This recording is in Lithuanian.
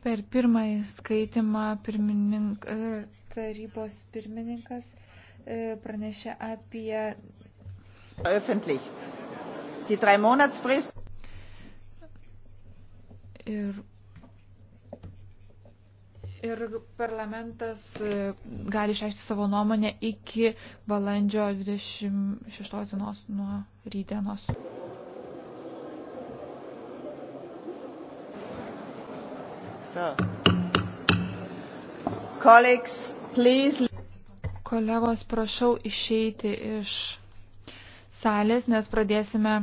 Per pirmąjį skaitimą pirminink, e, tarybos pirmininkas e, pranešė apie. Ir, ir parlamentas e, gali išreikšti savo nuomonę iki balandžio 26 dienos nuo rydienos. So. Colleagues, please. Kolegos, prašau išeiti iš salės, nes pradėsime